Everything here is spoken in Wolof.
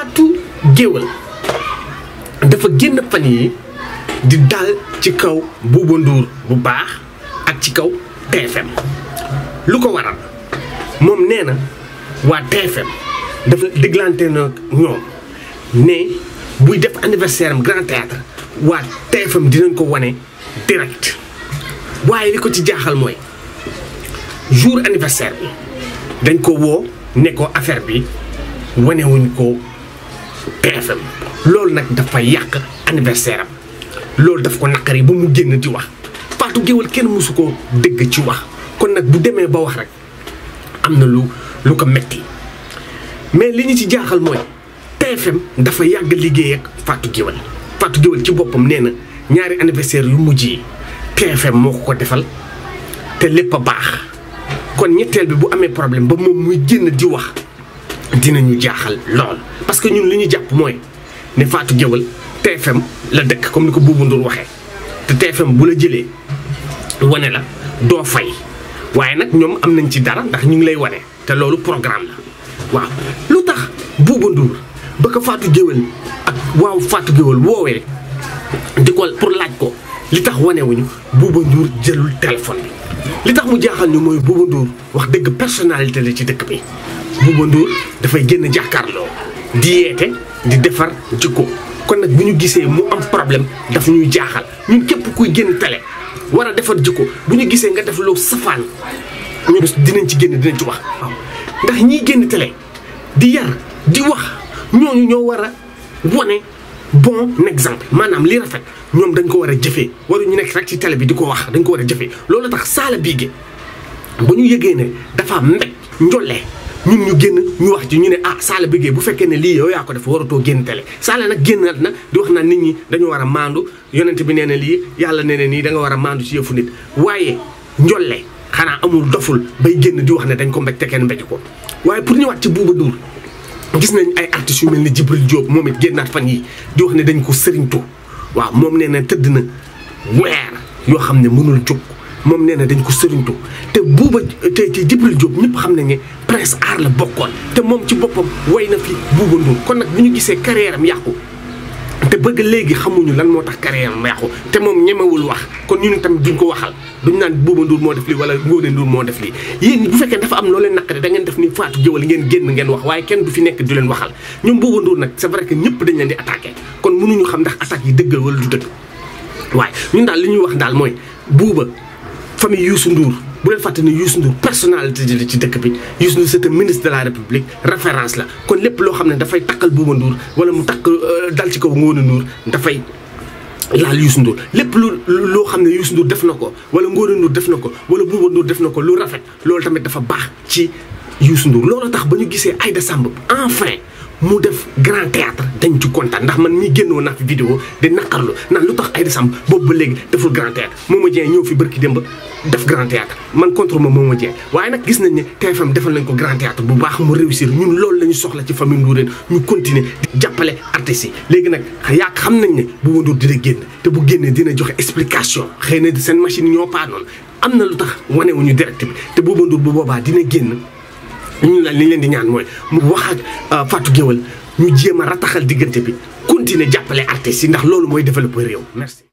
Fatou Géwël dafa génn fan yi di dal ci kaw Bouba Ndour bu baax ak ci kaw TFM lu ko waral moom nee na waa TFM dafa déglante na ñoom ne buy def anniversaire am grand théâtre waa TFM dinañ ko wane direct waaye li ko ci jaaxal mooy jour anniversaire bi dañ ko woo ne ko affaire bi wanewuñ ko TFM loolu nag dafa yàq anniversaire am loolu daf ko naqari ba mu génn di wax Fatou Guewel kenn mosu ko dégg ci wax kon nag bu demee ba wax rek am na lu lu ko metti mais li ñu ci jaaxal mooy TFM dafa yàgg liggéey ak Fatou Guewel Fatou ci boppam nee na ñaari anniversaire yu mujj yi TFM moo ko ko defal te lépp a baax kon ñetteel bi bu amee problème ba moom muy génn di wax ñu jaaxal lool parce que ñun li ñu jàpp mooy ne Fatou Guewel TFM la dëkk comme ni ko Boubou Ndour waxee te TFM bu la jëlee wane la doo fay waaye nag ñoom am nañ ci dara ndax ñu ngi lay wane te loolu programme la waaw lu tax Boubou Ndour ba ko Fatou ak waaw Fatou Guewel woowee di ko pour laaj ko li tax wane wuñu Boubou Ndour jëlul téléphone bi li tax mu jaaxal ñu mooy Boubou Ndour wax dëgg personnalité la ci dëkk bi Bouba Ndour dafay génn jàkkaarloo di yeete di defar jikko kon nag bu ñu gisee mu am problème daf ñuy jaaxal ñun képp kuy génn tele war a defar jikko bu ñu gisee nga def loo safaan ñu dinañ ci génn dinañ ci wax. ndax ñiy génn tele di yar di wax ñooñu ñoo war a wone bon exemple maanaam lii rafet ñoom dañ ko war a jëfee waruñu nekk rek ci tele bi di ko wax dañ ko war a jëfee loolu tax saala bii gi bu ñu yëgee ne dafa mbéj njolle. ñun ñu génn ñu wax ci ñu ne ah Salla Bigué bu fekkee ne lii yow yaa ko def waratoo génn télé Salla nag génnaat na di wax na nit ñi dañu war a maandu yonent bi nee na lii yàlla nee na nii da nga war a maandu ci yëfu nit waaye njolle xanaa amul doful bay génn di wax ne dañ ko mbéj te kenn mbéj ko waaye pour ñëwaat ci Bouba Ndour gis nañ ay artistes yu mel ni Djibril Diop moom it génnaat fan yi di ne dañ ko sëriñtoo waaw moom nee na tëdd na weer yoo xam ne mënul jóg moom nee na dañ ko sëriñtu te buuba te ci Jibril Diop ñëpp xam nañ ne prince aar la bokkoon te moom ci boppam way na fi buuba Ndour kon nag bu ñu gisee carrière am yàqu te bëgg léegi xamuñu lan moo tax carrière am yàqu te moom ñemewul wax kon ñu ne tamit duñ ko waxal duñ naan buuba Ndour moo def lii wala Ngoné Ndour moo def lii yéen bu fekkee dafa am loo leen naqari da ngeen def ni Fatou Gueye ngeen génn ngeen wax waaye kenn du fi nekk du leen waxal ñoom buuba Ndour nag c'est vrai que ñëpp dañ leen di attaqué kon mënuñu xam ndax attaque yi dëgg wala du dëgg waaye ñun daal li ñuy wax daal mooy buuba famille Youssou Ndour bu leen fàtte ne Youssou Ndour personnalité la ci dëkk bi Youssou Ndour c'est un ministre de la République référence la kon lépp loo xam ne dafay takkal Bouba Ndour wala mu takk euh, dal ci kaw Ngoné Ndour dafay laal Youssou Ndour lépp lu loo xam ne Youssou Ndour def na ko wala Ngoné Ndour def na ko wala Bouba Ndour def na ko lu rafet loolu tamit dafa baax ci Youssou Ndour loolu tax ba ñu gisee Aïda Samb enfin mu def grand théâtre dañ ci kontaan ndax man mii génnoo a fi vidéo di naqarlu naan lu tax Aïda Samb boobu ba léegi deful grand théâtre Momo Dieng ñëw fi bërki démb def grand man contre ma Momo Dieng waaye nag gis nañ ne TFM defal nañ ko grand théâtre bu baax mu réussir ñun loolu lañu soxla ci famille Ndourène ñu continuer di jàppale artistes yi léegi nag yaag xam nañ ne bu Ndour dina génn te bu génnee dina joxe explication xëy na seen machine ñoo paanoon am na lu tax wane wuñu direct bi te Bouba Ndour bu boobaa dina génn ñu la li leen di ñaan mooy mu wax ak euh, Fatou Guewel ñu jéem a rataxal diggante bi continuer jàppale artistes si ndax loolu mooy développer yow merci